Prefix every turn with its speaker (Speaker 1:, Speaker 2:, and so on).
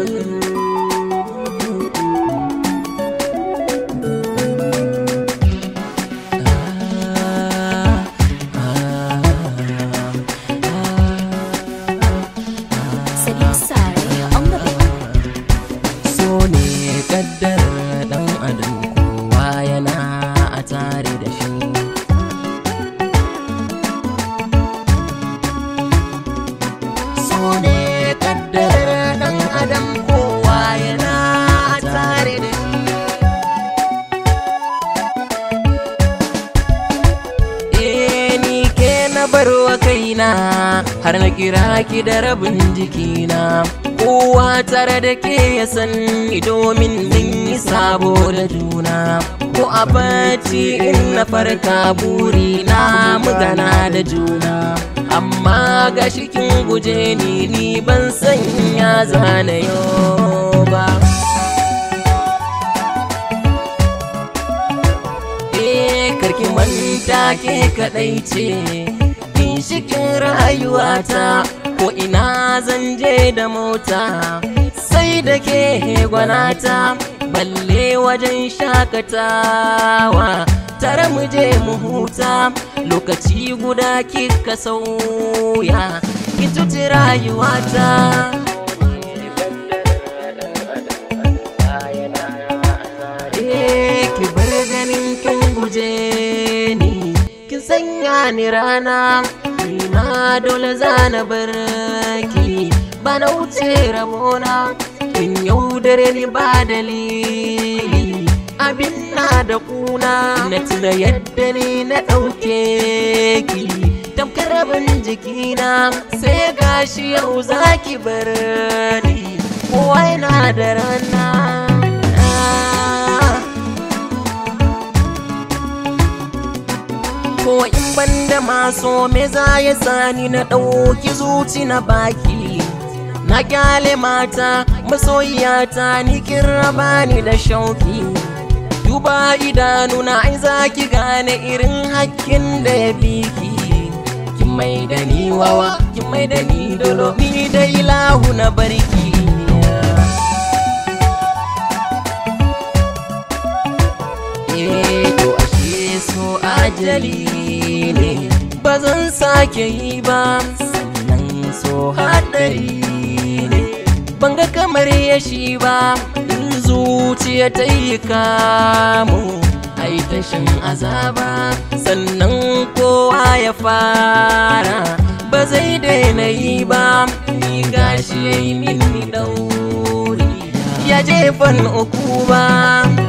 Speaker 1: Salim Sare on na har na kira ki da rabin jikina kowa tare da ke ya san domin mun yi sabo da juna ko a bacci in na farka buri na mugana da juna amma ga kin guje ni ni ban sanya ya ba eh, karki manta ke kadai ce cikin rayuwata ko ina zan je da mota sai da ke gwanata balle wajen shakatawa tare mu je mu huta lokaci guda kika sauya ki tuti rayuwata eh, ki bar ganin kin ni ki sanya ni rana Nima dole zana barki ba na wuce rabona in dare ni ba dalili abin na da kuna na tuna yadda ni na ɗauke ki tamkar abin jikina sai gashi yau zaki bar ni kowa yana da rana ko in banda maso me za ya sani na ɗauki zuci na baki na gyale mata masoyiyata ni kin raba ni da shauki duba na ai za ki gane irin hakkin da ya biki kin mai da ni wawa kin mai da ni dolo ni da ilahu na barki ajali ba zan sake yi ba sannan so haɗari ne ban ga kamar yashi ba in zuciya ta yi kamu yi tashin azaba sannan kowa ya fara ba zai daina yi ba ni gashi ya yi min dauri ya jefan uku ba